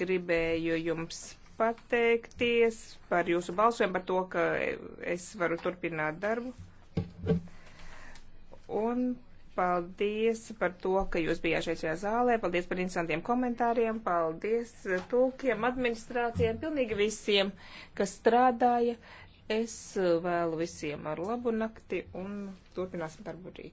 gribēju jums pateikties par jūsu balsojumu, par to, ka es varu turpināt darbu. Un paldies par to, ka jūs bijāt šeit šajā zālē. Paldies par interesantiem komentāriem. Paldies tulkiem, administrācijām, pilnīgi visiem, kas strādāja. Es vēlu visiem ar labu nakti un turpināsim darbu rīt.